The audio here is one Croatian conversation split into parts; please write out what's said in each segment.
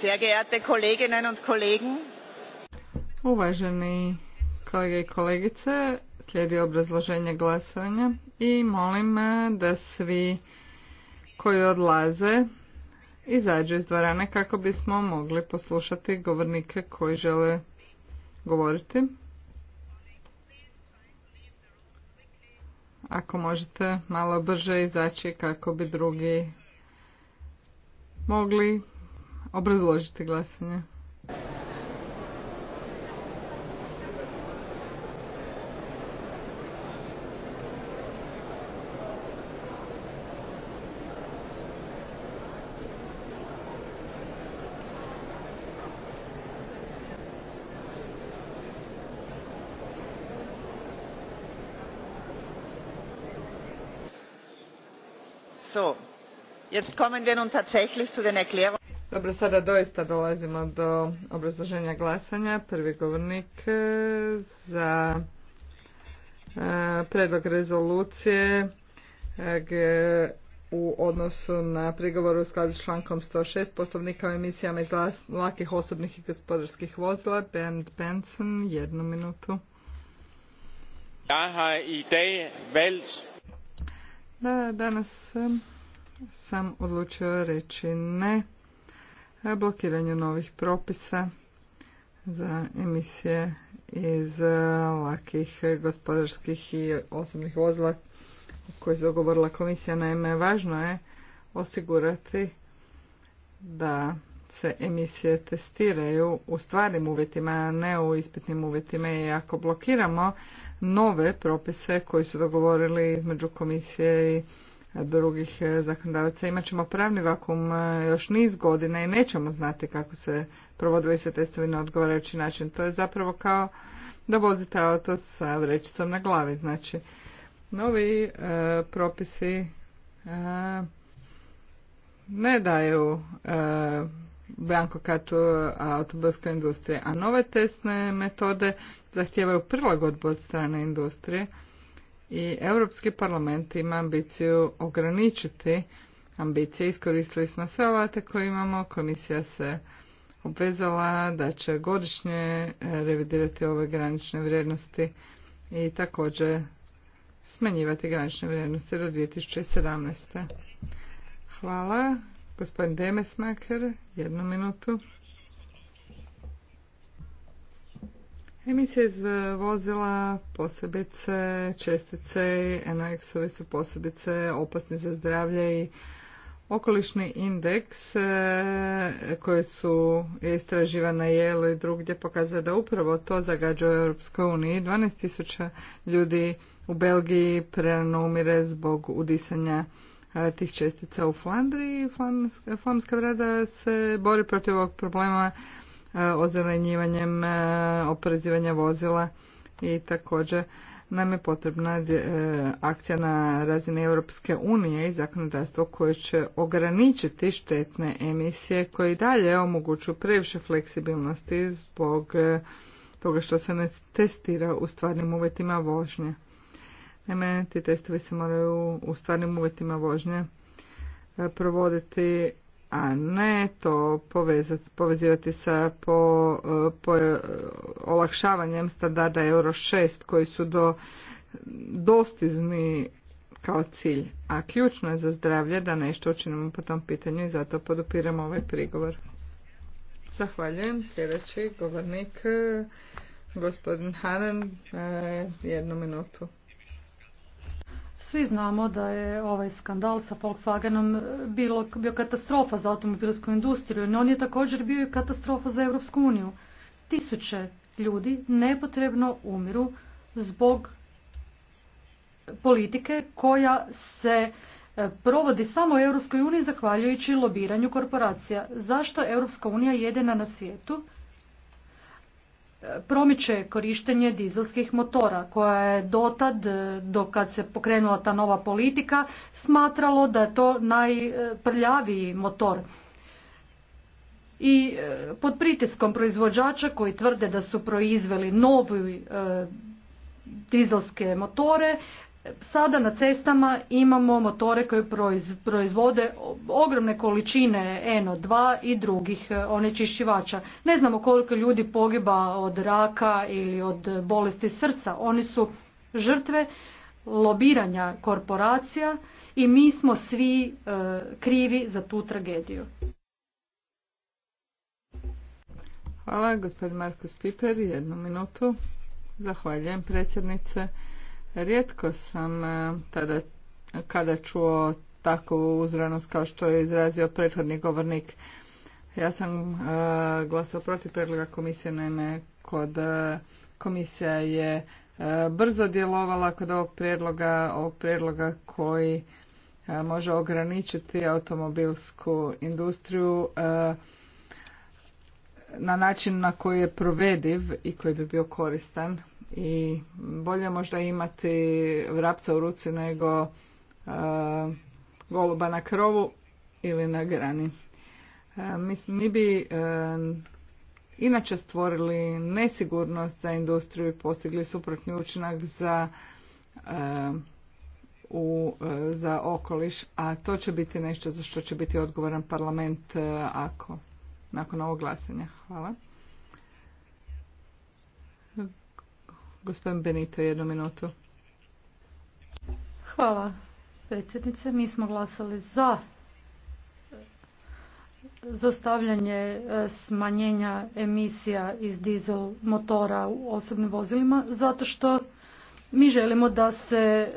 Sehr geehrte Kolleginnen und Uvaženi kolege i kolegice, slijedi obrazloženje glasovanja i molim eh, da svi koji odlaze izađu iz dvorane kako bismo mogli poslušati govornike koji žele govoriti. Ako možete malo brže izaći kako bi drugi mogli Obrazložite glasanje. So, jetzt kommen wir nun tatsächlich zu den Erklärungen. Dobro, sada doista dolazimo do obrazloženja glasanja. Prvi govornik e, za e, predlog rezolucije e, u odnosu na prigovor u skladu s člankom 106 poslovnika o emisijama iz lakih osobnih i gospodarskih vozila. Ben Benson, jednu minutu. Da, danas sam odlučio reći ne blokiranju novih propisa za emisije iz e, lakih gospodarskih i osobnih vozila koje je dogovorila komisija. Naime, važno je osigurati da se emisije testiraju u stvarnim uvjetima, a ne u ispitnim uvjetima. I ako blokiramo nove propise koji su dogovorili između komisije i drugih e, zakonodavaca. Imat ćemo pravni vakum e, još niz godina i nećemo znati kako se provodili se testovi na odgovarajući način. To je zapravo kao da vozite auto sa vrećicom na glavi. Znači, novi e, propisi ne daju e, banko kartu a nove testne metode zahtijevaju prilagodbu od strane industrije i Europski parlament ima ambiciju ograničiti ambicije. Iskoristili smo sve alate koje imamo. Komisija se obvezala da će godišnje e, revidirati ove granične vrijednosti i također smanjivati granične vrijednosti do 2017. Hvala. Gospodin Demesmaker, jednu minutu. Emisije iz vozila, posebice čestice, nox ove su posebice opasni za zdravlje i okolišni indeks e, koji su istraživana na jelu i drugdje pokazuje da upravo to zagađuje u Europskoj uniji. 12.000 ljudi u Belgiji prerano umire zbog udisanja e, tih čestica u Flandriji. Flamska vlada se bori protiv ovog problema Eh, ozelenjivanjem eh, oporezivanja vozila i također nam je potrebna eh, akcija na razini Europske unije i zakonodavstvo koje će ograničiti štetne emisije koje i dalje omogućuju previše fleksibilnosti zbog toga što se ne testira u stvarnim uvjetima vožnje. Naime, ti testovi se moraju u stvarnim uvjetima vožnje provoditi a ne to povezati, povezivati sa po, e, po, e, olakšavanjem standarda Euro 6 koji su do, dostizni kao cilj. A ključno je za zdravlje da nešto učinimo po tom pitanju i zato podupiramo ovaj prigovor. Zahvaljujem. Sljedeći govornik, e, gospodin Hanan, jednu minutu. Svi znamo da je ovaj skandal sa Volkswagenom eh, bilo, bio katastrofa za automobilsku industriju, no on je također bio i katastrofa za Europsku uniju. Tisuće ljudi nepotrebno umiru zbog politike koja se eh, provodi samo u Europskoj uniji zahvaljujući lobiranju korporacija. Zašto Europska unija jedina na svijetu promiče korištenje dizelskih motora koja je dotad e, do kad se pokrenula ta nova politika smatralo da je to najprljaviji motor i e, pod pritiskom proizvođača koji tvrde da su proizveli novi e, dizelske motore sada na cestama imamo motore koji proizvode ogromne količine NO2 i drugih e, onečišćivača. Ne znamo koliko ljudi pogiba od raka ili od bolesti srca. Oni su žrtve lobiranja korporacija i mi smo svi e, krivi za tu tragediju. Hvala, gospodin Markus Piper, jednu minutu. Zahvaljujem predsjednice. Rijetko sam e, tada kada čuo takvu uzranost kao što je izrazio prethodni govornik. Ja sam e, glasao protiv predloga komisije, naime kod e, komisija je brzo djelovala kod ovog prijedloga, ovog prijedloga koji može ograničiti automobilsku industriju na način na koji je provediv i koji bi bio koristan i bolje možda imati vrapca u ruci nego e, goluba na krovu ili na grani. E, mislim, mi bi e, inače stvorili nesigurnost za industriju i postigli suprotni učinak za u, za okoliš, a to će biti nešto za što će biti odgovoran parlament ako nakon ovog glasanja. Hvala. Gospodin Benito, jednu minutu. Hvala, predsjednice. Mi smo glasali za zostavljanje e, smanjenja emisija iz dizel motora u osobnim vozilima zato što mi želimo da se e,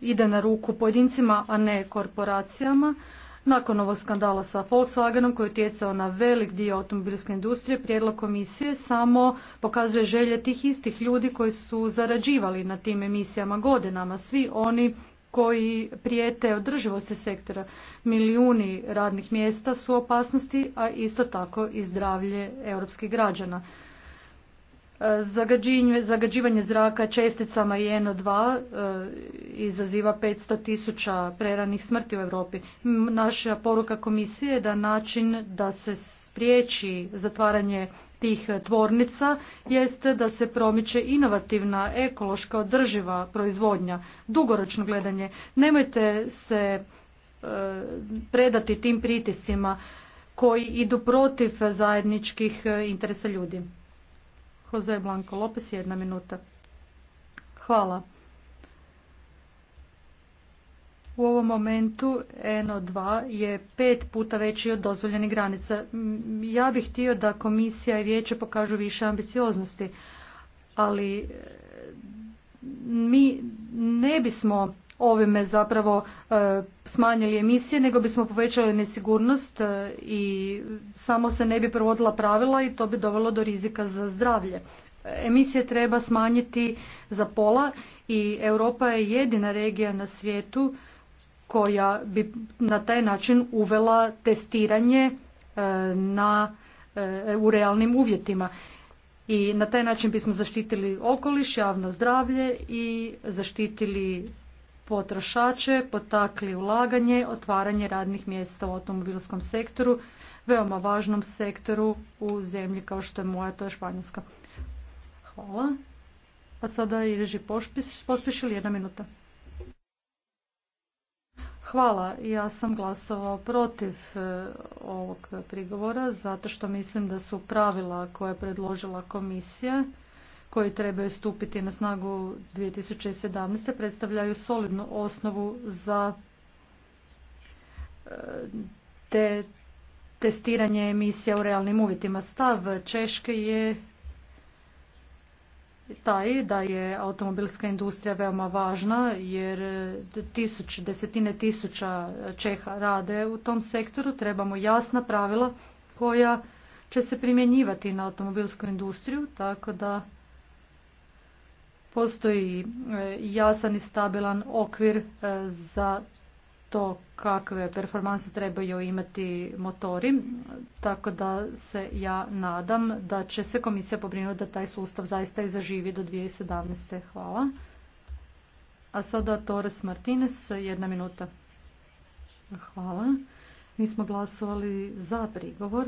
ide na ruku pojedincima, a ne korporacijama nakon ovog skandala sa Volkswagenom koji je utjecao na velik dio automobilske industrije, prijedlog komisije samo pokazuje želje tih istih ljudi koji su zarađivali na tim emisijama godinama. Svi oni koji prijete održivosti sektora. Milijuni radnih mjesta su opasnosti, a isto tako i zdravlje europskih građana. Zagađivanje zraka česticama i NO2 e, izaziva 500 tisuća preranih smrti u Europi. Naša poruka komisije je da način da se spriječi zatvaranje tih tvornica jeste da se promiče inovativna, ekološka, održiva proizvodnja, dugoročno gledanje. Nemojte se e, predati tim pritiscima koji idu protiv zajedničkih interesa ljudi. Jose Blanko Lopes, jedna minuta. Hvala. U ovom momentu NO2 je pet puta veći od dozvoljenih granica. Ja bih htio da komisija i vijeće pokažu više ambicioznosti, ali mi ne bismo ovime zapravo e, smanjili emisije, nego bismo povećali nesigurnost e, i samo se ne bi provodila pravila i to bi dovelo do rizika za zdravlje. Emisije treba smanjiti za pola i Europa je jedina regija na svijetu koja bi na taj način uvela testiranje e, na, u realnim uvjetima. I na taj način bismo zaštitili okoliš, javno zdravlje i zaštitili potrošače, potakli ulaganje, otvaranje radnih mjesta u automobilskom sektoru, veoma važnom sektoru u zemlji kao što je moja, to je Španjolska. Hvala. A sada je reži pospješili jedna minuta. Hvala. Ja sam glasovao protiv e, ovog prigovora zato što mislim da su pravila koje je predložila komisija koji trebaju stupiti na snagu 2017. predstavljaju solidnu osnovu za e, te testiranje emisija u realnim uvjetima. Stav Češke je taj da je automobilska industrija veoma važna jer tisuć, desetine tisuća Čeha rade u tom sektoru. Trebamo jasna pravila koja će se primjenjivati na automobilsku industriju tako da Postoji e, jasan i stabilan okvir e, za to kakve performanse trebaju imati motori, tako da se ja nadam da će se komisija pobrinuti da taj sustav zaista i zaživi do 2017. Hvala. A sada Torres Martinez, jedna minuta. Hvala. Mi smo glasovali za prigovor,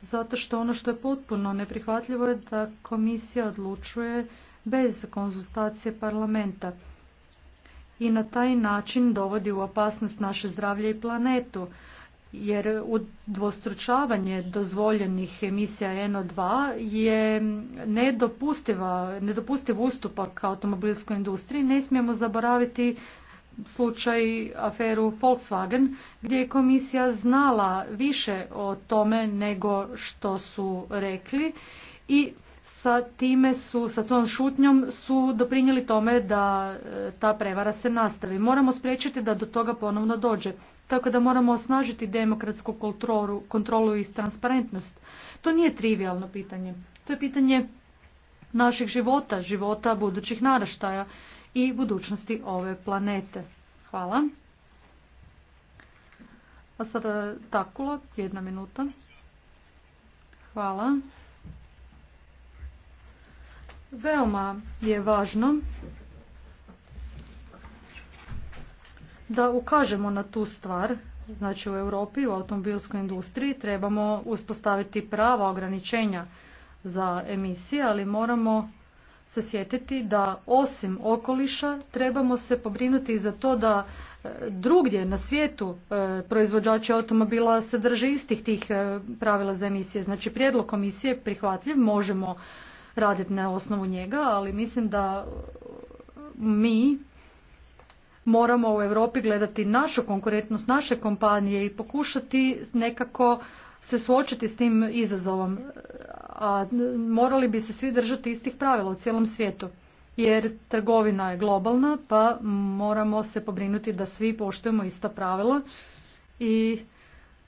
zato što ono što je potpuno neprihvatljivo je da komisija odlučuje bez konzultacije parlamenta i na taj način dovodi u opasnost naše zdravlje i planetu jer udvostručavanje dozvoljenih emisija NO2 je nedopustiva, nedopustiv ustupak automobilskoj industriji. Ne smijemo zaboraviti slučaj aferu Volkswagen gdje je komisija znala više o tome nego što su rekli i sa time su, sa svojom šutnjom su doprinijeli tome da e, ta prevara se nastavi. Moramo spriječiti da do toga ponovno dođe. Tako da moramo osnažiti demokratsku kontrolu, kontrolu i transparentnost. To nije trivialno pitanje. To je pitanje naših života, života budućih naraštaja i budućnosti ove planete. Hvala. A sada Takula, jedna minuta. Hvala. Veoma je važno da ukažemo na tu stvar, znači u Europi, u automobilskoj industriji trebamo uspostaviti prava ograničenja za emisije, ali moramo se sjetiti da osim okoliša trebamo se pobrinuti i za to da e, drugdje na svijetu e, proizvođači automobila se drže istih tih e, pravila za emisije. Znači prijedlog komisije prihvatljiv, možemo raditi na osnovu njega, ali mislim da mi moramo u Europi gledati našu konkurentnost, naše kompanije i pokušati nekako se suočiti s tim izazovom. A morali bi se svi držati istih pravila u cijelom svijetu. Jer trgovina je globalna, pa moramo se pobrinuti da svi poštujemo ista pravila i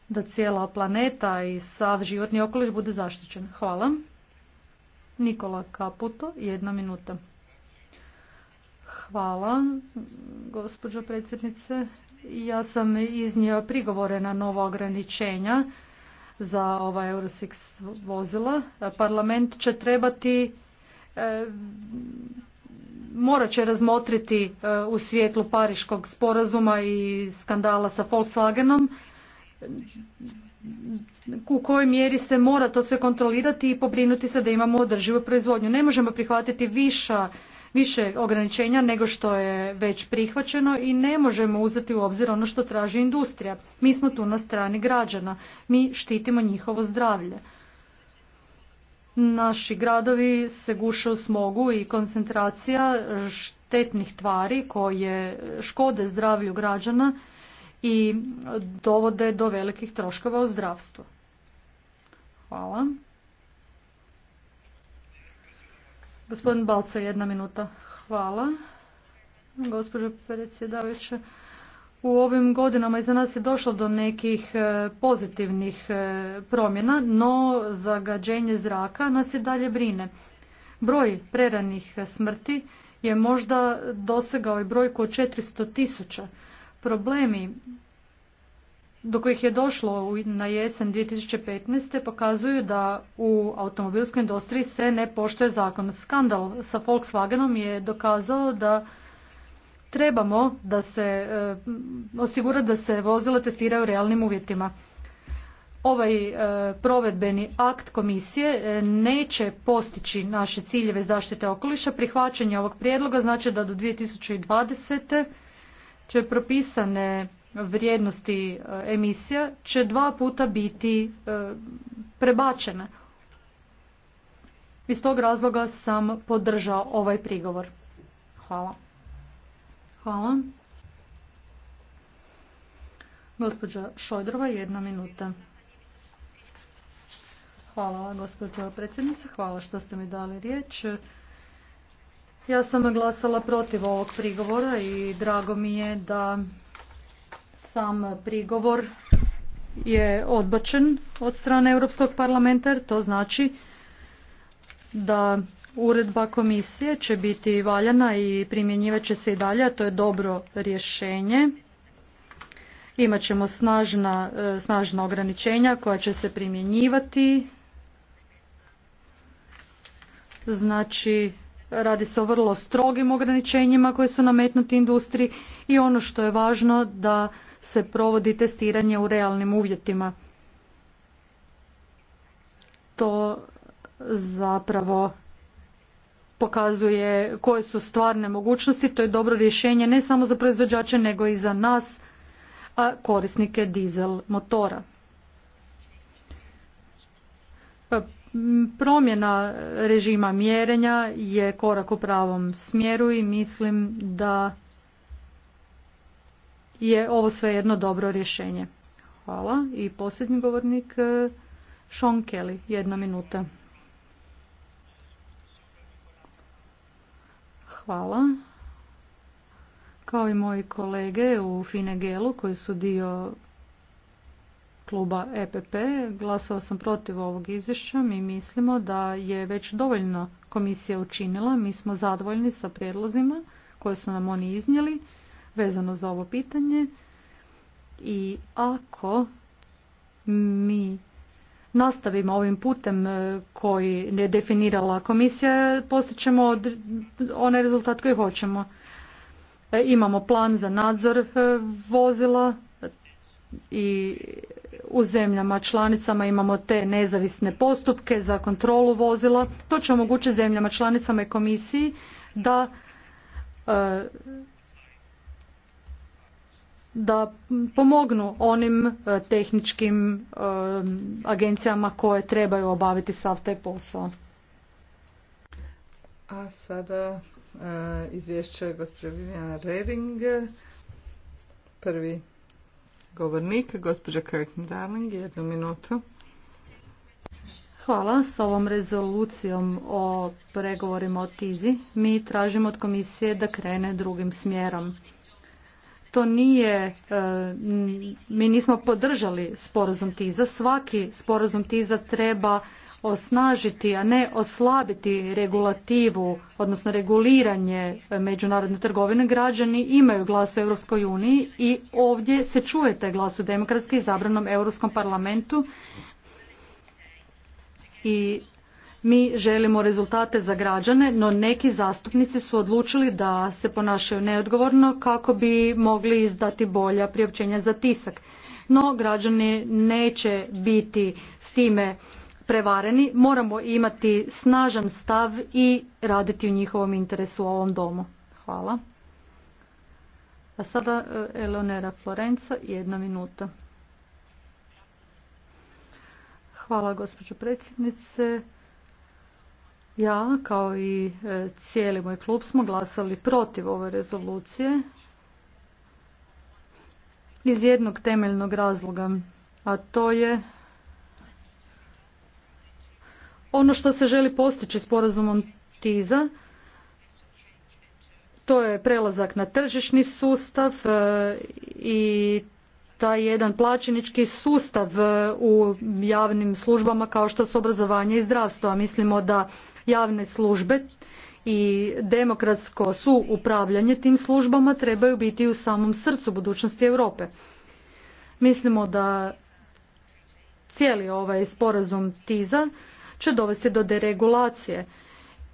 da cijela planeta i sav životni okoliš bude zaštićen. Hvala. Nikola Kaputo, jedna minuta. Hvala, gospođo predsjednice. Ja sam iznio prigovore na novo ograničenja za ova Eurosix vozila. Parlament će trebati e, morat će razmotriti e, u svijetlu pariškog sporazuma i skandala sa Volkswagenom u kojoj mjeri se mora to sve kontrolirati i pobrinuti se da imamo održivu proizvodnju. Ne možemo prihvatiti viša više ograničenja nego što je već prihvaćeno i ne možemo uzeti u obzir ono što traži industrija. Mi smo tu na strani građana, mi štitimo njihovo zdravlje. Naši gradovi se guše u smogu i koncentracija štetnih tvari koje škode zdravlju građana i dovode do velikih troškova u zdravstvu. Hvala. Gospodin Balco, jedna minuta. Hvala. Gospođo predsjedavajuće. u ovim godinama iza nas je došlo do nekih e, pozitivnih e, promjena, no zagađenje zraka nas i dalje brine. Broj preranih smrti je možda dosegao i brojku od 400 tisuća Problemi do kojih je došlo na jesen 2015. pokazuju da u automobilskoj industriji se ne poštuje zakon. Skandal sa Volkswagenom je dokazao da trebamo da se e, osigura da se vozila testiraju u realnim uvjetima. Ovaj e, provedbeni akt komisije e, neće postići naše ciljeve zaštite okoliša. Prihvaćanje ovog prijedloga znači da do 2020 će propisane vrijednosti e, emisija će dva puta biti e, prebačene. Iz tog razloga sam podržao ovaj prigovor. Hvala. Hvala. Gospođa Šojdrova, jedna minuta. Hvala, gospođo predsjednice. Hvala što ste mi dali riječ. Ja sam glasala protiv ovog prigovora i drago mi je da sam prigovor je odbačen od strane Europskog parlamenta to znači da uredba komisije će biti valjana i će se i dalje, a to je dobro rješenje. Imaćemo snažna, e, snažna ograničenja koja će se primjenjivati. Znači, Radi se o vrlo strogim ograničenjima koje su nametnuti industriji i ono što je važno da se provodi testiranje u realnim uvjetima. To zapravo pokazuje koje su stvarne mogućnosti. To je dobro rješenje ne samo za proizvođače nego i za nas, a korisnike dizel motora Mm, promjena režima mjerenja je korak u pravom smjeru i mislim da je ovo sve jedno dobro rješenje. Hvala. I posljednji govornik e, Sean Kelly, jedna minuta. Hvala. Kao i moji kolege u Finegelu koji su dio kluba EPP. Glasao sam protiv ovog izvješća. Mi mislimo da je već dovoljno komisija učinila. Mi smo zadovoljni sa prijedlozima koje su nam oni iznijeli vezano za ovo pitanje. I ako mi nastavimo ovim putem e, koji je definirala komisija, postićemo onaj rezultat koji hoćemo. E, imamo plan za nadzor e, vozila i u zemljama članicama imamo te nezavisne postupke za kontrolu vozila. To će omogućiti zemljama članicama i komisiji da e, da pomognu onim e, tehničkim e, agencijama koje trebaju obaviti sav taj posao. A sada izvješće gospođe Viviana Reding. Prvi govornik, gospođa kirkin Darling, jednu minutu. Hvala. S ovom rezolucijom o pregovorima o tizi mi tražimo od komisije da krene drugim smjerom. To nije, e, mi nismo podržali sporazum tiza. Svaki sporazum tiza treba osnažiti, a ne oslabiti regulativu, odnosno reguliranje međunarodne trgovine, građani imaju glas u Europskoj uniji i ovdje se čuje taj glas u demokratski izabranom Europskom parlamentu i mi želimo rezultate za građane, no neki zastupnici su odlučili da se ponašaju neodgovorno kako bi mogli izdati bolja priopćenja za tisak. No, građani neće biti s time prevareni, moramo imati snažan stav i raditi u njihovom interesu u ovom domu. Hvala. A sada eh, Eleonera Florenca, jedna minuta. Hvala gospođo predsjednice. Ja kao i eh, cijeli moj klub smo glasali protiv ove rezolucije iz jednog temeljnog razloga, a to je ono što se želi postići sporazumom TISA to je prelazak na tržišni sustav e, i taj jedan plaćenički sustav e, u javnim službama kao što su obrazovanje i zdravstvo, a mislimo da javne službe i demokratsko su upravljanje tim službama trebaju biti u samom srcu budućnosti Europe. Mislimo da cijeli ovaj sporazum TIZA će dovesti do deregulacije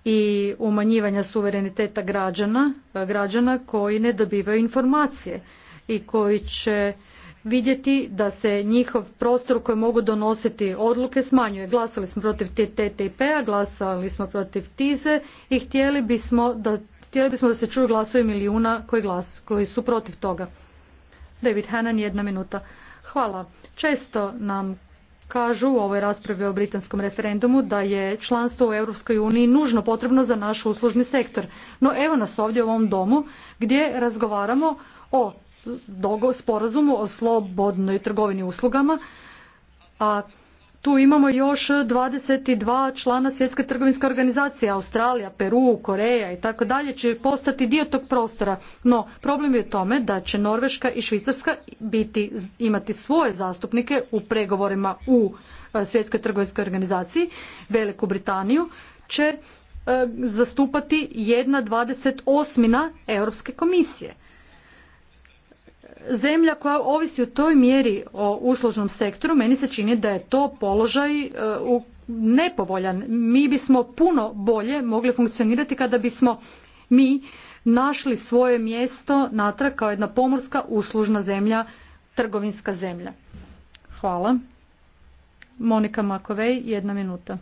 i umanjivanja suvereniteta građana, e, građana koji ne dobivaju informacije i koji će vidjeti da se njihov prostor koji mogu donositi odluke smanjuje. Glasali smo protiv TTIP-a, glasali smo protiv TIZE i htjeli bismo da, htjeli bismo da se čuju glasovi milijuna koji, glas, koji su protiv toga. David Hannan, jedna minuta. Hvala. Često nam kažu u ovoj raspravi o britanskom referendumu da je članstvo u Europskoj uniji nužno potrebno za naš uslužni sektor. No evo nas ovdje u ovom domu gdje razgovaramo o sporazumu o slobodnoj trgovini uslugama, a tu imamo još 22 člana svjetske trgovinske organizacije, Australija, Peru, Koreja i tako dalje će postati dio tog prostora. No, problem je u tome da će Norveška i Švicarska biti, imati svoje zastupnike u pregovorima u e, svjetskoj trgovinskoj organizaciji. Veliku Britaniju će e, zastupati jedna dvadeset osmina Europske komisije zemlja koja ovisi u toj mjeri o uslužnom sektoru, meni se čini da je to položaj e, nepovoljan. Mi bismo puno bolje mogli funkcionirati kada bismo mi našli svoje mjesto natrag kao jedna pomorska uslužna zemlja, trgovinska zemlja. Hvala. Monika Makovej, jedna minuta.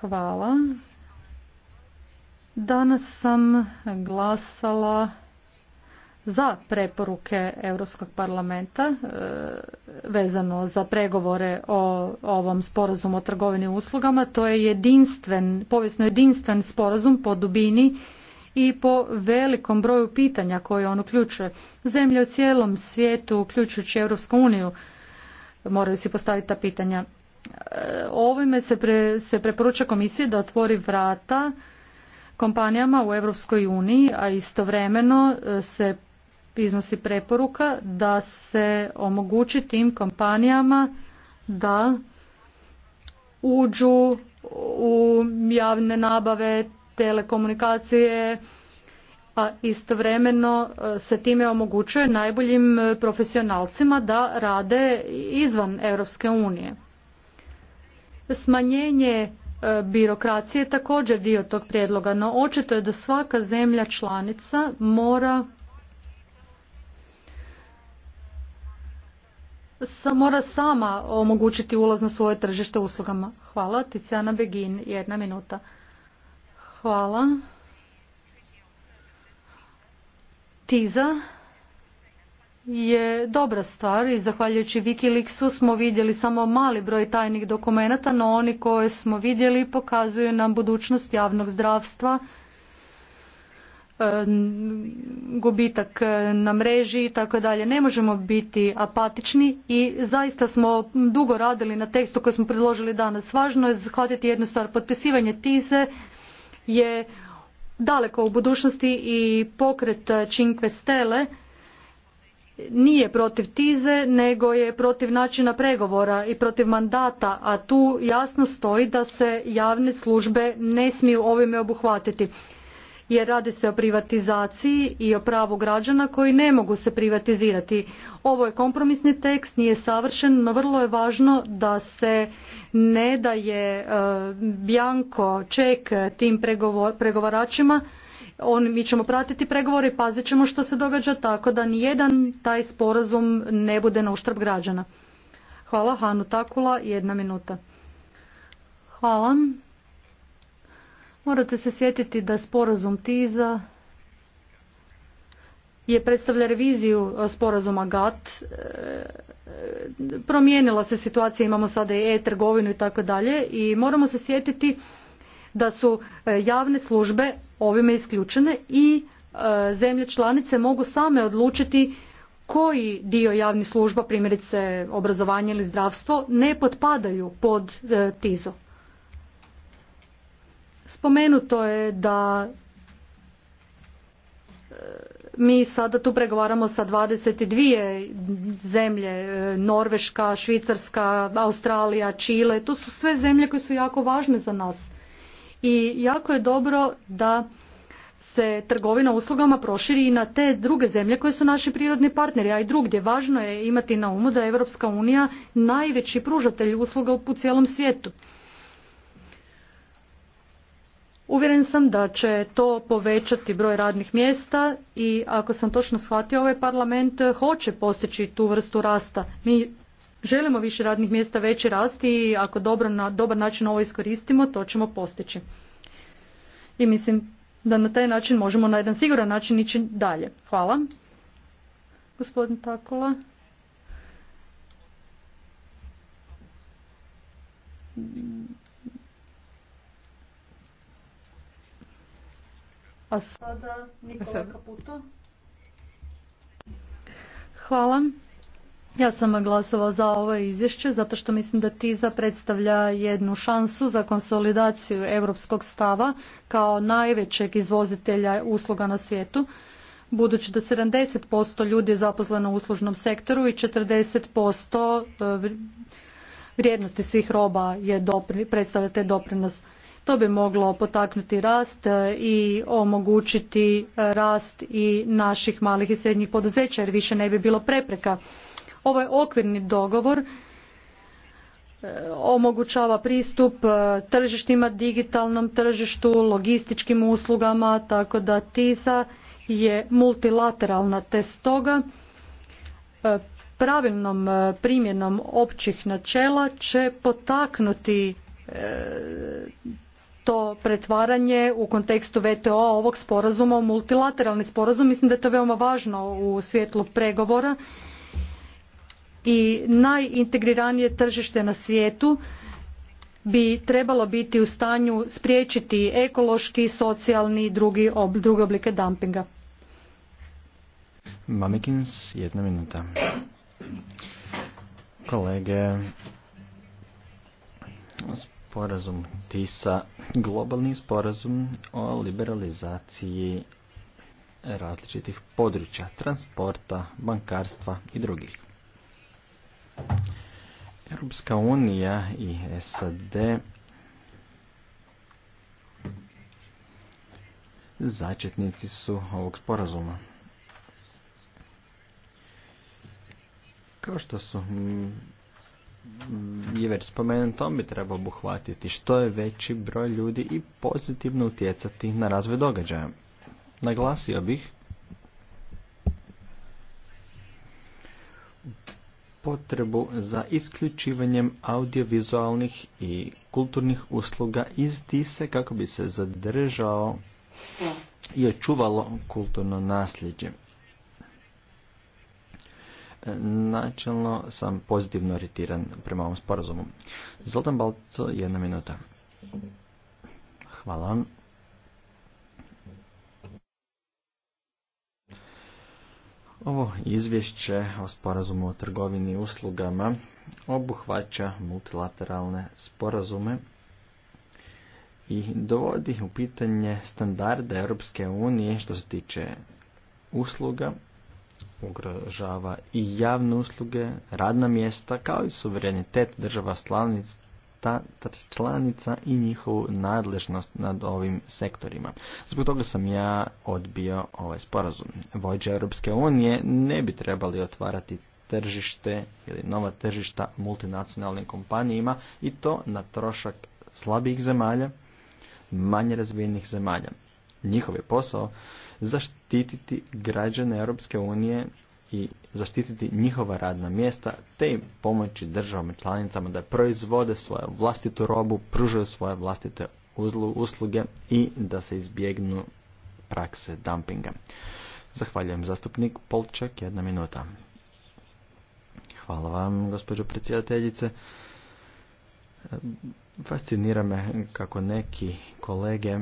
Hvala. Danas sam glasala za preporuke Europskog parlamenta e, vezano za pregovore o ovom sporazumu o trgovini uslugama. To je jedinstven, povijesno jedinstven sporazum po dubini i po velikom broju pitanja koje on uključuje. Zemlje u cijelom svijetu, uključujući Europsku uniju, moraju si postaviti ta pitanja. E, ovime se, se preporuča komisije da otvori vrata kompanijama u Europskoj uniji, a istovremeno e, se iznosi preporuka da se omogući tim kompanijama da uđu u javne nabave, telekomunikacije, a istovremeno e, se time omogućuje najboljim e, profesionalcima da rade izvan Europske unije. Smanjenje E, birokracije je također dio tog prijedloga, no očito je da svaka zemlja članica mora mora sama omogućiti ulaz na svoje tržište uslugama. Hvala. Tiziana Begin, jedna minuta. Hvala. Tiza je dobra stvar i zahvaljujući Wikileaksu smo vidjeli samo mali broj tajnih dokumenata, no oni koje smo vidjeli pokazuju nam budućnost javnog zdravstva, e, gubitak e, na mreži i tako dalje. Ne možemo biti apatični i zaista smo dugo radili na tekstu koji smo predložili danas. Važno je zahvatiti jednu stvar. Potpisivanje TISE je daleko u budućnosti i pokret Cinque Stele nije protiv tize nego je protiv načina pregovora i protiv mandata a tu jasno stoji da se javne službe ne smiju ovime obuhvatiti jer radi se o privatizaciji i o pravu građana koji ne mogu se privatizirati. Ovo je kompromisni tekst, nije savršen, no vrlo je važno da se ne daje e, bjanko ček tim pregovaračima on, mi ćemo pratiti pregovore i pazit ćemo što se događa tako da nijedan taj sporazum ne bude na uštrb građana. Hvala Hanu Takula, jedna minuta. Hvala. Morate se sjetiti da sporazum TIZA je predstavlja reviziju sporazuma GATT. E, promijenila se situacija, imamo sada i e-trgovinu i tako dalje i moramo se sjetiti da su e, javne službe ovime isključene i e, zemlje članice mogu same odlučiti koji dio javnih služba, primjerice obrazovanje ili zdravstvo, ne potpadaju pod e, TIZO. Spomenuto je da e, mi sada tu pregovaramo sa 22 zemlje, Norveška, Švicarska, Australija, Čile, to su sve zemlje koje su jako važne za nas i jako je dobro da se trgovina uslugama proširi i na te druge zemlje koje su naši prirodni partneri, a i drugdje. Važno je imati na umu da je Europska unija najveći pružatelj usluga u cijelom svijetu. Uvjeren sam da će to povećati broj radnih mjesta i ako sam točno shvatio ovaj parlament hoće postići tu vrstu rasta. Mi želimo više radnih mjesta, veći rasti i ako dobro, na dobar način ovo iskoristimo, to ćemo postići. I mislim da na taj način možemo na jedan siguran način ići dalje. Hvala. Gospodin Takola. A sada Nikola Kaputo. Hvala. Ja sam glasovao za ovo izvješće zato što mislim da TISA predstavlja jednu šansu za konsolidaciju europskog stava kao najvećeg izvozitelja usluga na svijetu, budući da 70% ljudi je zaposleno u uslužnom sektoru i 40% eh, vrijednosti svih roba je dopri, predstavlja te doprinos. To bi moglo potaknuti rast eh, i omogućiti eh, rast i naših malih i srednjih poduzeća jer više ne bi bilo prepreka Ovaj okvirni dogovor e, omogućava pristup e, tržištima, digitalnom tržištu, logističkim uslugama, tako da TISA je multilateralna te stoga e, pravilnom primjenom općih načela će potaknuti to pretvaranje u kontekstu VTO ovog sporazuma u multilateralni sporazum. Mislim da je to veoma važno u svjetlu pregovora i najintegriranije tržište na svijetu bi trebalo biti u stanju spriječiti ekološki, socijalni i drugi, druge oblike dumpinga. Mamikins, jedna minuta. Kolege, sporazum TISA, globalni sporazum o liberalizaciji različitih područja transporta, bankarstva i drugih. Europska unija i SAD začetnici su ovog sporazuma. Kao što su mm, je već spomenuto, on bi trebao obuhvatiti što je veći broj ljudi i pozitivno utjecati na razvoj događaja. Naglasio bih potrebu za isključivanjem audiovizualnih i kulturnih usluga iz tise kako bi se zadržao i očuvalo kulturno nasljeđe. Načelno sam pozitivno oritiran prema ovom sporazumu. Zoltan Balco, jedna minuta. Hvala vam. Ovo izvješće o sporazumu o trgovini i uslugama obuhvaća multilateralne sporazume i dovodi u pitanje standarde Europske unije što se tiče usluga, ugrožava i javne usluge, radna mjesta, kao i suverenitet država članica i njihovu nadležnost nad ovim sektorima. Zbog toga sam ja odbio ovaj sporazum. Vođe Europske unije ne bi trebali otvarati tržište ili nova tržišta multinacionalnim kompanijima i to na trošak slabijih zemalja, manje razvijenih zemalja. Njihov je posao zaštititi građane Europske unije i zaštititi njihova radna mjesta te im pomoći državama članicama da proizvode svoju vlastitu robu, pružaju svoje vlastite usluge i da se izbjegnu prakse dumpinga. Zahvaljujem zastupnik Polčak, jedna minuta. Hvala vam, gospođo predsjedateljice. Fascinira me kako neki kolege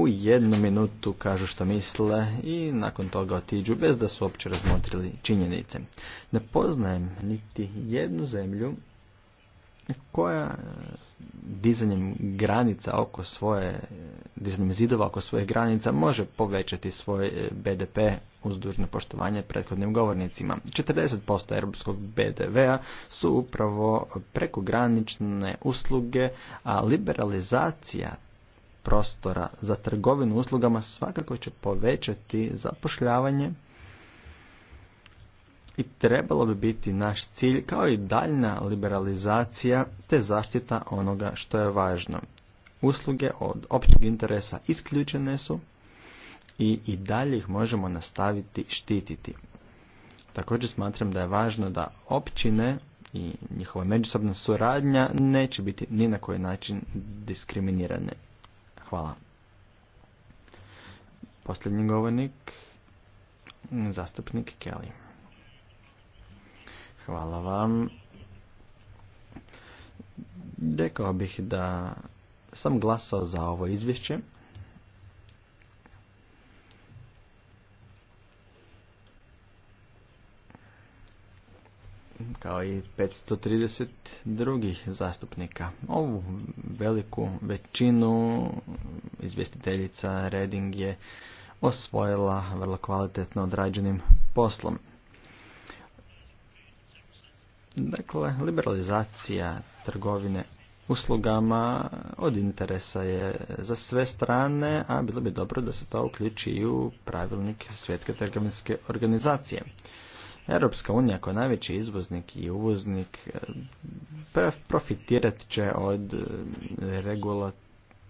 u jednu minutu kažu što misle i nakon toga otiđu bez da su uopće razmotrili činjenice. Ne poznajem niti jednu zemlju koja dizanjem granica oko svoje, dizanjem zidova oko svojih granica može povećati svoj e, BDP uz dužno poštovanje prethodnim govornicima. 40% europskog BDV-a su upravo prekogranične usluge, a liberalizacija prostora za trgovinu uslugama svakako će povećati zapošljavanje i trebalo bi biti naš cilj kao i daljna liberalizacija te zaštita onoga što je važno. Usluge od općeg interesa isključene su i i dalje ih možemo nastaviti štititi. Također smatram da je važno da općine i njihova međusobna suradnja neće biti ni na koji način diskriminirane. Hvala. Posljednji govornik, zastupnik Kelly. Hvala vam. Rekao bih da sam glasao za ovo izvješće kao i 530 drugih zastupnika. Ovu veliku većinu izvjestiteljica Reding je osvojila vrlo kvalitetno odrađenim poslom. Dakle, liberalizacija trgovine uslugama od interesa je za sve strane, a bilo bi dobro da se to uključi i u pravilnik Svjetske trgovinske organizacije. Europska unija kao najveći izvoznik i uvoznik e, profitirat će od e, regula,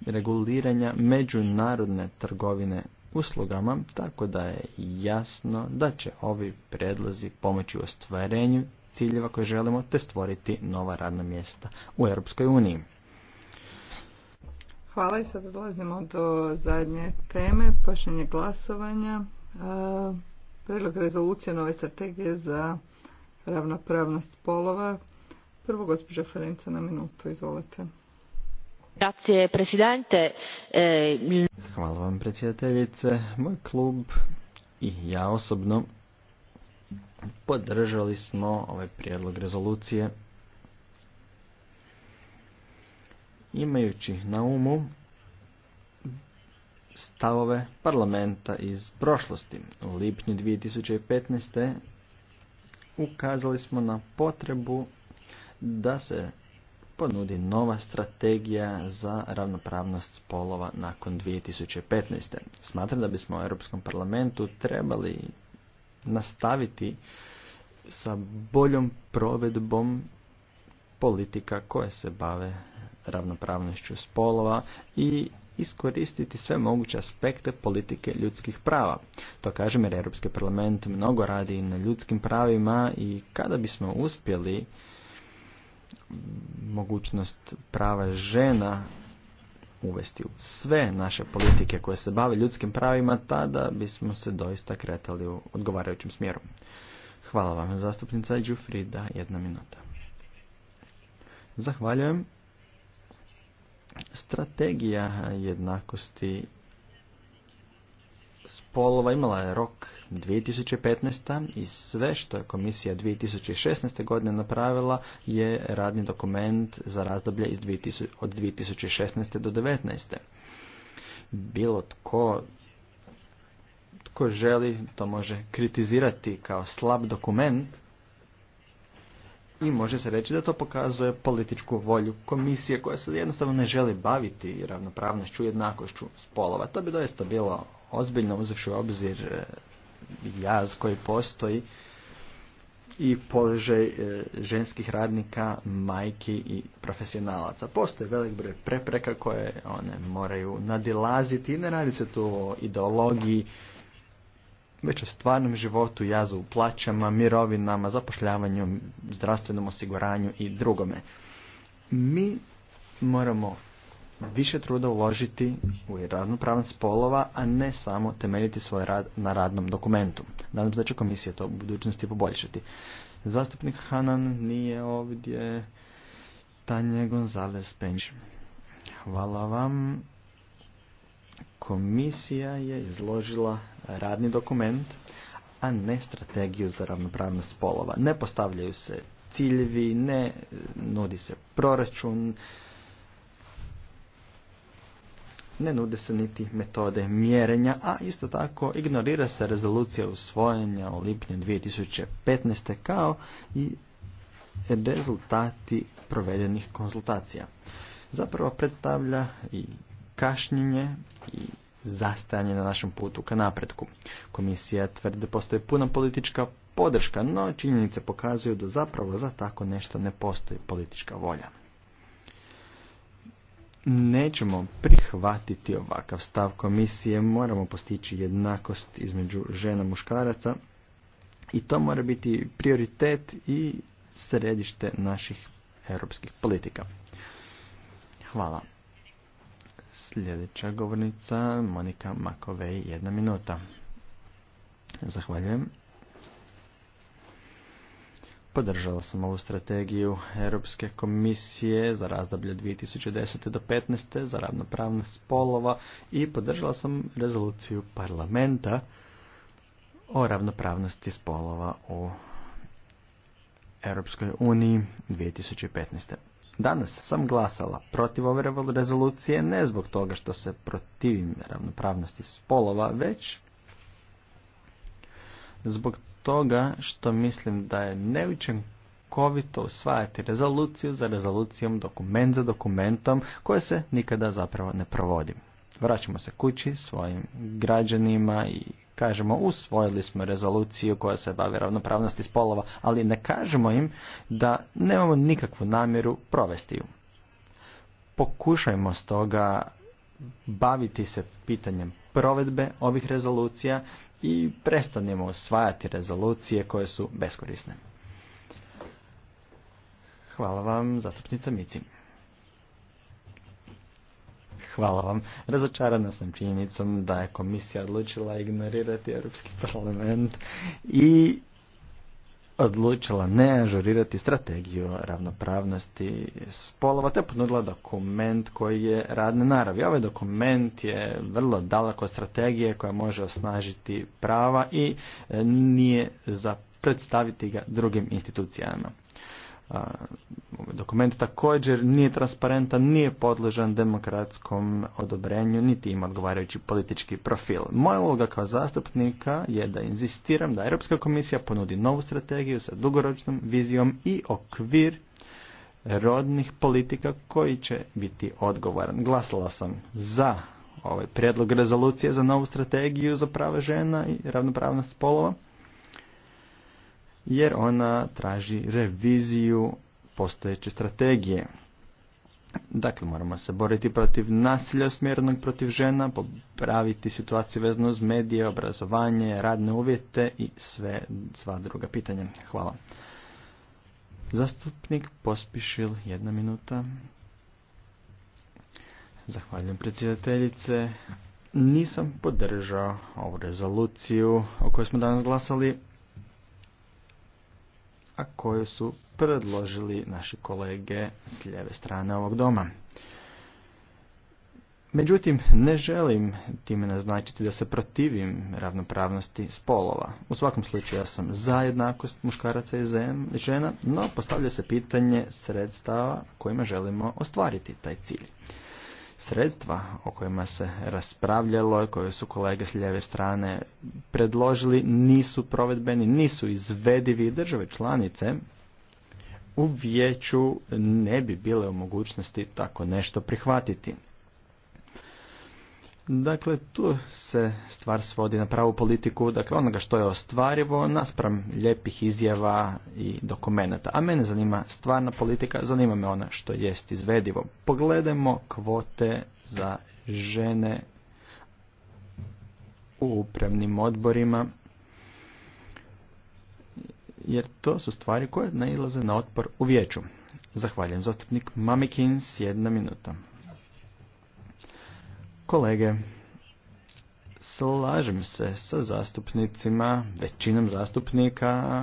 reguliranja međunarodne trgovine uslugama, tako da je jasno da će ovi predlozi pomoći u ostvarenju ciljeva koje želimo te stvoriti nova radna mjesta u Europskoj uniji. Hvala i sad dolazimo do zadnje teme, pašenje glasovanja. E, Prijedlog rezolucije nove strategije za ravnopravnost spolova. Prvo gospođa Ferenca na minutu, izvolite. E, Hvala vam predsjedateljice. Moj klub i ja osobno podržali smo ovaj prijedlog rezolucije imajući na umu stavove parlamenta iz prošlosti. U lipnju 2015. ukazali smo na potrebu da se ponudi nova strategija za ravnopravnost spolova nakon 2015. Smatram da bismo u Europskom parlamentu trebali nastaviti sa boljom provedbom politika koje se bave ravnopravnošću spolova i iskoristiti sve moguće aspekte politike ljudskih prava. To kažem jer Europski parlament mnogo radi na ljudskim pravima i kada bismo uspjeli mogućnost prava žena uvesti u sve naše politike koje se bave ljudskim pravima, tada bismo se doista kretali u odgovarajućem smjeru. Hvala vam, zastupnica Đufrida, jedna minuta. Zahvaljujem. Strategija jednakosti spolova imala je rok 2015. i sve što je komisija 2016. godine napravila je radni dokument za razdoblje iz 2000, od 2016. do 2019. Bilo tko tko želi to može kritizirati kao slab dokument, i može se reći da to pokazuje političku volju komisije koja se jednostavno ne želi baviti ravnopravnošću i jednakošću spolova. To bi doista bilo ozbiljno uzevši u obzir e, jaz koji postoji i položaj e, ženskih radnika, majki i profesionalaca. Postoje velik broj prepreka koje one moraju nadilaziti i ne radi se tu o ideologiji već o stvarnom životu, jazu u plaćama, mirovinama, zapošljavanju, zdravstvenom osiguranju i drugome. Mi moramo više truda uložiti u ravnopravnost spolova, a ne samo temeljiti svoj rad na radnom dokumentu. Nadam se da će komisija to u budućnosti poboljšati. Zastupnik Hanan nije ovdje. Tanje Gonzalez Penč. Hvala vam. Komisija je izložila radni dokument, a ne strategiju za ravnopravnost spolova. Ne postavljaju se ciljevi, ne e, nudi se proračun, ne nude se niti metode mjerenja, a isto tako ignorira se rezolucija usvojenja u lipnju 2015. kao i rezultati provedenih konzultacija. Zapravo predstavlja i kašnjenje i zastajanje na našem putu ka napretku. Komisija tvrdi da postoji puna politička podrška, no činjenice pokazuju da zapravo za tako nešto ne postoji politička volja. Nećemo prihvatiti ovakav stav komisije, moramo postići jednakost između žena i muškaraca i to mora biti prioritet i središte naših europskih politika. Hvala. Sljedeća govornica, Monika Makovej, jedna minuta. Zahvaljujem. Podržala sam ovu strategiju Europske komisije za razdoblje 2010. do 2015. za ravnopravnost spolova i podržala sam rezoluciju parlamenta o ravnopravnosti spolova u Europskoj uniji 2015. Danas sam glasala protiv ove rezolucije ne zbog toga što se protivim ravnopravnosti spolova, već zbog toga što mislim da je neučinkovito usvajati rezoluciju za rezolucijom, dokument za dokumentom, koje se nikada zapravo ne provodi. Vraćamo se kući svojim građanima i kažemo usvojili smo rezoluciju koja se bavi ravnopravnosti spolova, ali ne kažemo im da nemamo nikakvu namjeru provesti ju. Pokušajmo stoga baviti se pitanjem provedbe ovih rezolucija i prestanemo usvajati rezolucije koje su beskorisne. Hvala vam, zastupnica Mici. Hvala vam. Razočarana sam činjenicom da je komisija odlučila ignorirati Europski parlament i odlučila ne ažurirati strategiju ravnopravnosti spolova, te ponudila dokument koji je radne naravi. Ovaj dokument je vrlo daleko strategije koja može osnažiti prava i e, nije za predstaviti ga drugim institucijama. Ovaj dokument također nije transparentan, nije podložan demokratskom odobrenju, niti ima odgovarajući politički profil. Moja uloga kao zastupnika je da inzistiram da Europska komisija ponudi novu strategiju sa dugoročnom vizijom i okvir rodnih politika koji će biti odgovoran. Glasala sam za ovaj prijedlog rezolucije za novu strategiju za prava žena i ravnopravnost spolova jer ona traži reviziju postojeće strategije. Dakle, moramo se boriti protiv nasilja smjernog protiv žena, popraviti situaciju vezano uz medije, obrazovanje, radne uvjete i sve, sva druga pitanja. Hvala. Zastupnik Pospišil, jedna minuta. Zahvaljujem predsjedateljice. Nisam podržao ovu rezoluciju o kojoj smo danas glasali, a koju su predložili naši kolege s lijeve strane ovog doma. Međutim, ne želim time naznačiti da se protivim ravnopravnosti spolova. U svakom slučaju ja sam za jednakost muškaraca i žena, no postavlja se pitanje sredstava kojima želimo ostvariti taj cilj. Sredstva o kojima se raspravljalo i koje su kolege s lijeve strane predložili nisu provedbeni, nisu izvedivi države članice u vijeću ne bi bile u mogućnosti tako nešto prihvatiti. Dakle, tu se stvar svodi na pravu politiku, dakle onoga što je ostvarivo naspram lijepih izjava i dokumenata. A mene zanima stvarna politika, zanima me ona što jest izvedivo. Pogledajmo kvote za žene u upravnim odborima, jer to su stvari koje nailaze na otpor u vijeću. Zahvaljujem zastupnik Mamikins, jedna minuta. Kolege, slažem se sa zastupnicima, većinom zastupnika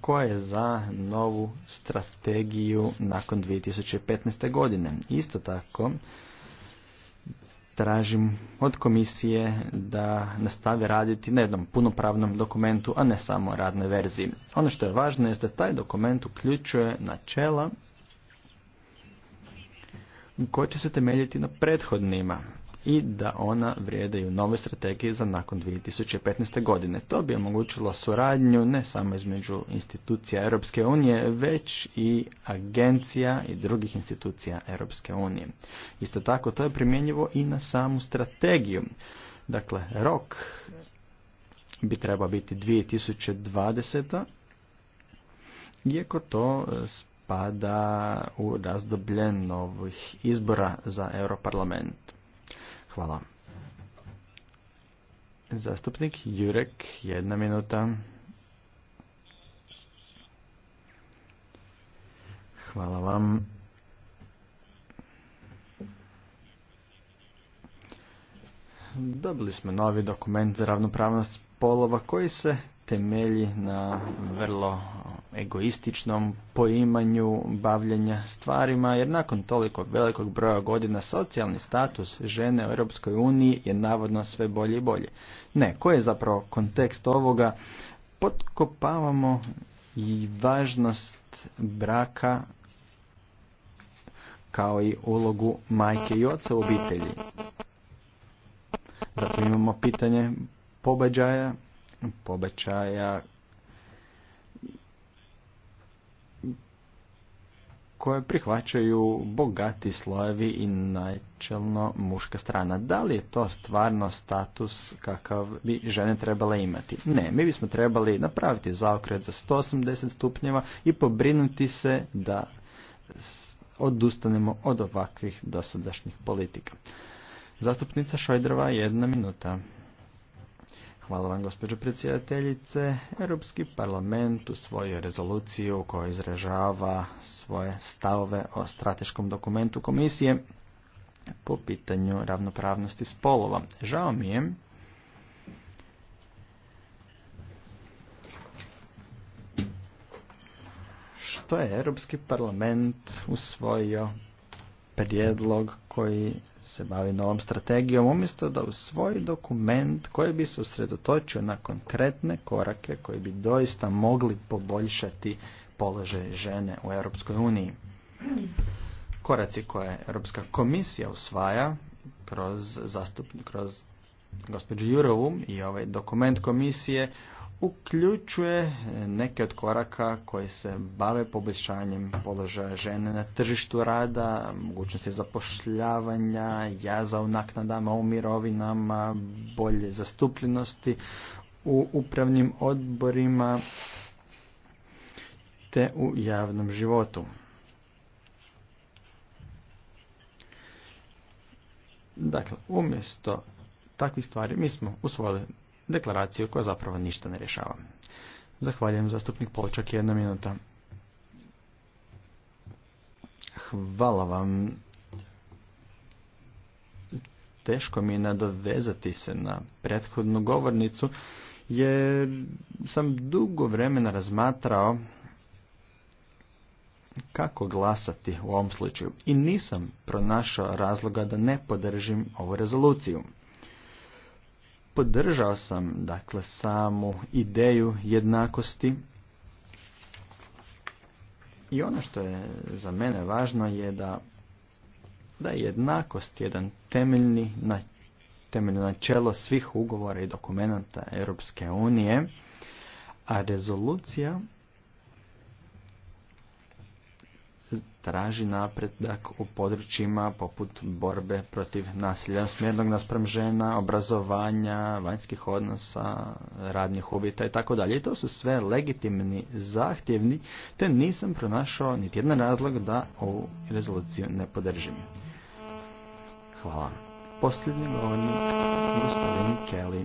koja je za novu strategiju nakon 2015. godine. Isto tako tražim od komisije da nastave raditi na jednom punopravnom dokumentu, a ne samo radnoj verziji. Ono što je važno je da taj dokument uključuje načela koje će se temeljiti na prethodnima i da ona vrijede i u nove strategije za nakon 2015. godine. To bi omogućilo suradnju ne samo između institucija Europske unije, već i agencija i drugih institucija Europske unije. Isto tako to je primjenjivo i na samu strategiju. Dakle, rok bi trebao biti 2020. Iako to Pada u razdoblje novih izbora za Europarlament. Hvala. Zastupnik Jurek, jedna minuta. Hvala vam. Dobili smo novi dokument za ravnopravnost polova koji se temelji na vrlo egoističnom poimanju bavljenja stvarima, jer nakon toliko velikog broja godina socijalni status žene u Europskoj uniji je navodno sve bolje i bolje. Ne, koji je zapravo kontekst ovoga? Potkopavamo i važnost braka kao i ulogu majke i oca u obitelji. Zato imamo pitanje pobađaja, pobačaja koje prihvaćaju bogati slojevi i načelno muška strana. Da li je to stvarno status kakav bi žene trebale imati? Ne, mi bismo trebali napraviti zaokret za 180 stupnjeva i pobrinuti se da odustanemo od ovakvih dosadašnjih politika. Zastupnica Šojdrova, jedna minuta. Hvala vam, gospođo predsjedateljice. Europski parlament usvojio rezoluciju koja izražava svoje stavove o strateškom dokumentu komisije po pitanju ravnopravnosti spolova. Žao mi je što je Europski parlament usvojio prijedlog koji se bavi novom strategijom, umjesto da usvoji dokument koji bi se usredotočio na konkretne korake koji bi doista mogli poboljšati položaj žene u Europskoj Koraci koje Europska komisija usvaja kroz, zastupnik kroz gospođu Jurovu i ovaj dokument komisije uključuje neke od koraka koji se bave poboljšanjem položaja žene na tržištu rada, mogućnosti zapošljavanja, jaza u naknadama, u mirovinama, bolje zastupljenosti u upravnim odborima te u javnom životu. Dakle, umjesto takvih stvari mi smo usvojili deklaraciju koja zapravo ništa ne rješava. Zahvaljujem zastupnik Polčak, jedna minuta. Hvala vam. Teško mi je nadovezati se na prethodnu govornicu, jer sam dugo vremena razmatrao kako glasati u ovom slučaju i nisam pronašao razloga da ne podržim ovu rezoluciju podržao sam dakle samu ideju jednakosti i ono što je za mene važno je da da je jednakost jedan temeljni temeljno načelo svih ugovora i dokumenata Europske unije, a rezolucija traži napredak u područjima poput borbe protiv nasilja smjernog naspram žena, obrazovanja, vanjskih odnosa, radnih uvjeta i tako dalje. I to su sve legitimni zahtjevni, te nisam pronašao niti jedan razlog da ovu rezoluciju ne podržim. Hvala. Posljednji govornik, gospodin Kelly.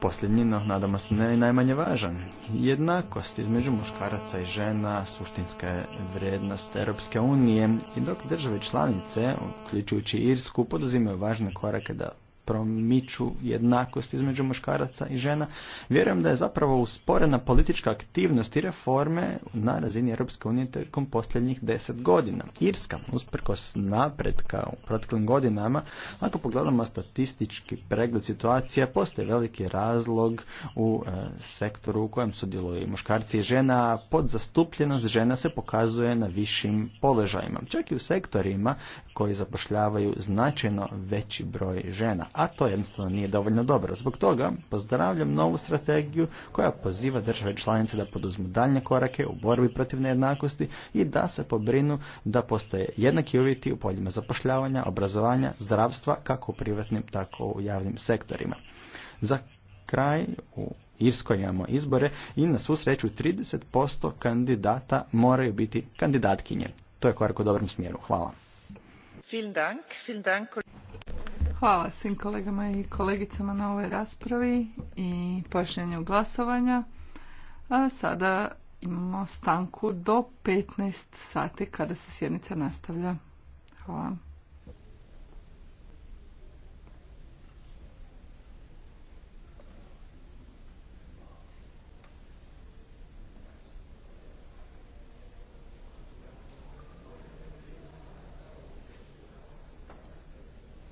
posljednji, no nadamo se ne najmanje važan. Jednakost između muškaraca i žena suštinska je vrijednost Europske unije i dok države članice, uključujući Irsku, poduzimaju važne korake da promiču jednakost između muškaraca i žena, vjerujem da je zapravo usporena politička aktivnost i reforme na razini Europske unije tijekom posljednjih deset godina. Irska, usprkos napretka u proteklim godinama, ako pogledamo statistički pregled situacija, postoji veliki razlog u e, sektoru u kojem sudjeluju muškarci i žena, a podzastupljenost žena se pokazuje na višim položajima. Čak i u sektorima koji zapošljavaju značajno veći broj žena, a to jednostavno nije dovoljno dobro. Zbog toga pozdravljam novu strategiju koja poziva države članice da poduzmu daljnje korake u borbi protiv nejednakosti i da se pobrinu da postoje jednaki uvjeti u poljima zapošljavanja, obrazovanja, zdravstva kako u privatnim tako u javnim sektorima. Za kraj u Irskoj imamo izbore i na svu sreću 30% kandidata moraju biti kandidatkinje. To je korak u dobrom smjeru. Hvala. Hvala svim kolegama i kolegicama na ovoj raspravi i pojašnjenju glasovanja. A sada imamo stanku do 15 sati kada se sjednica nastavlja. Hvala.